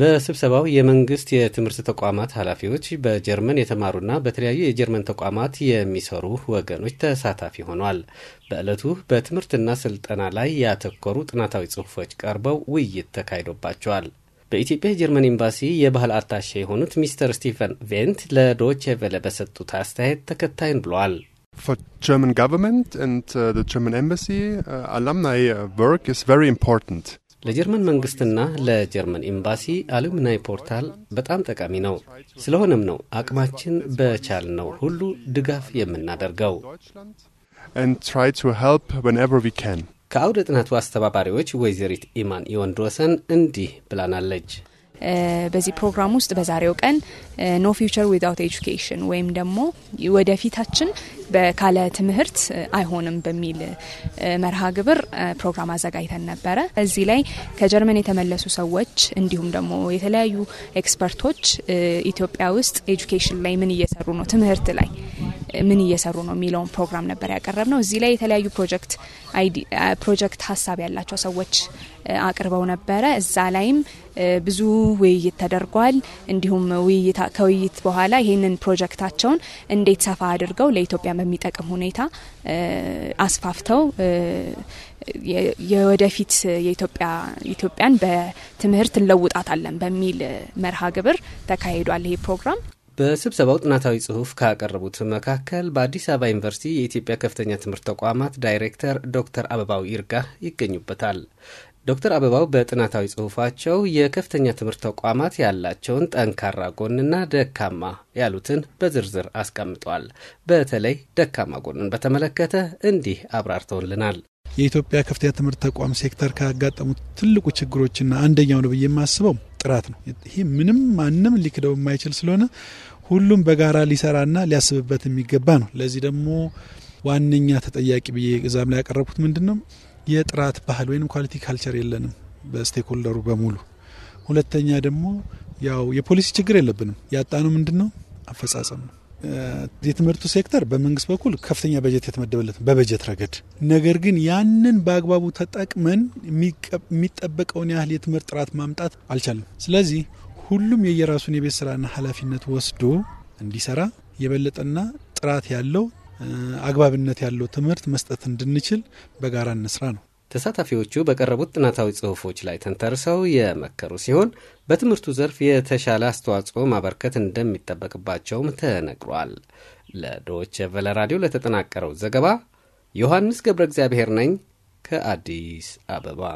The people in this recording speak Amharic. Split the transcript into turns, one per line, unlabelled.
በስብሰባው የመንግስት የትምህርት ተቋማት ኃላፊዎች፣ በጀርመን የተማሩና በተለያዩ የጀርመን ተቋማት የሚሰሩ ወገኖች ተሳታፊ ሆኗል። በዕለቱ በትምህርትና ስልጠና ላይ ያተኮሩ ጥናታዊ ጽሑፎች ቀርበው ውይይት ተካሂዶባቸዋል። በኢትዮጵያ የጀርመን ኤምባሲ የባህል አታሼ የሆኑት ሚስተር ስቲፈን ቬንት ለዶቼ ቬለ በሰጡት አስተያየት ተከታይን ብለዋል። ጀርመን ጋቨርንመንት ጀርመን ኤምባሲ uh, ወርክ German ቨሪ ኢምፖርታንት uh, ለጀርመን መንግስትና ለጀርመን ኤምባሲ አሉምናይ ፖርታል በጣም ጠቃሚ ነው። ስለሆነም ነው አቅማችን በቻልነው ሁሉ ድጋፍ የምናደርገው። ከአውደ ጥናቱ አስተባባሪዎች ወይዘሪት ኢማን የወንድ ወሰን እንዲህ ብላናለች።
በዚህ ፕሮግራም ውስጥ በዛሬው ቀን ኖ ፊውቸር ዊዛውት ኤጁኬሽን ወይም ደግሞ ወደፊታችን ካለ ትምህርት አይሆንም በሚል መርሃ ግብር ፕሮግራም አዘጋጅተን ነበረ። እዚህ ላይ ከጀርመን የተመለሱ ሰዎች እንዲሁም ደግሞ የተለያዩ ኤክስፐርቶች ኢትዮጵያ ውስጥ ኤጁኬሽን ላይ ምን እየሰሩ ነው ትምህርት ላይ ምን እየሰሩ ነው የሚለውን ፕሮግራም ነበር ያቀረብ ነው። እዚህ ላይ የተለያዩ ፕሮጀክት ሀሳብ ያላቸው ሰዎች አቅርበው ነበረ። እዛ ላይም ብዙ ውይይት ተደርጓል። እንዲሁም ከውይይት በኋላ ይህንን ፕሮጀክታቸውን እንዴት ሰፋ አድርገው ለኢትዮጵያ በሚጠቅም ሁኔታ አስፋፍተው የወደፊት ኢትዮጵያን በትምህርት እንለውጣታለን በሚል መርሃ ግብር ተካሂዷል ይሄ ፕሮግራም።
በስብሰባው ጥናታዊ ጽሁፍ ካቀረቡት መካከል በአዲስ አበባ ዩኒቨርሲቲ የኢትዮጵያ ከፍተኛ ትምህርት ተቋማት ዳይሬክተር ዶክተር አበባው ይርጋ ይገኙበታል። ዶክተር አበባው በጥናታዊ ጽሁፋቸው የከፍተኛ ትምህርት ተቋማት ያላቸውን ጠንካራ ጎንና ደካማ ያሉትን በዝርዝር አስቀምጠዋል። በተለይ ደካማ ጎንን በተመለከተ እንዲህ አብራርተውልናል።
የኢትዮጵያ ከፍተኛ ትምህርት ተቋም ሴክተር ካጋጠሙት ትልቁ ችግሮችና አንደኛው ነው ብዬ የማስበው ጥራት ነው። ይሄ ምንም ማንም ሊክደው የማይችል ስለሆነ ሁሉም በጋራ ሊሰራና ሊያስብበት የሚገባ ነው። ለዚህ ደግሞ ዋነኛ ተጠያቂ ብዬ እዛም ላይ ያቀረብኩት ምንድን ነው የጥራት ባህል ወይም ኳሊቲ ካልቸር የለንም በስቴክሆልደሩ በሙሉ። ሁለተኛ ደግሞ ያው የፖሊሲ ችግር የለብንም። ያጣነው ምንድን ነው አፈጻጸም ነው። የትምህርቱ ሴክተር በመንግስት በኩል ከፍተኛ በጀት የተመደበለት በበጀት ረገድ ነገር ግን ያንን በአግባቡ ተጠቅመን የሚጠበቀውን ያህል የትምህርት ጥራት ማምጣት አልቻለም። ስለዚህ ሁሉም የየራሱን የቤት ስራና ኃላፊነት ወስዶ እንዲሰራ የበለጠና ጥራት ያለው አግባብነት ያለው ትምህርት መስጠት እንድንችል በጋራ እንስራ ነው።
ተሳታፊዎቹ በቀረቡት ጥናታዊ ጽሑፎች ላይ ተንተርሰው የመከሩ ሲሆን በትምህርቱ ዘርፍ የተሻለ አስተዋጽኦ ማበርከት እንደሚጠበቅባቸውም ተነግሯል። ለዶች ቬለ ራዲዮ ለተጠናቀረው ዘገባ ዮሐንስ ገብረ እግዚአብሔር ነኝ ከአዲስ አበባ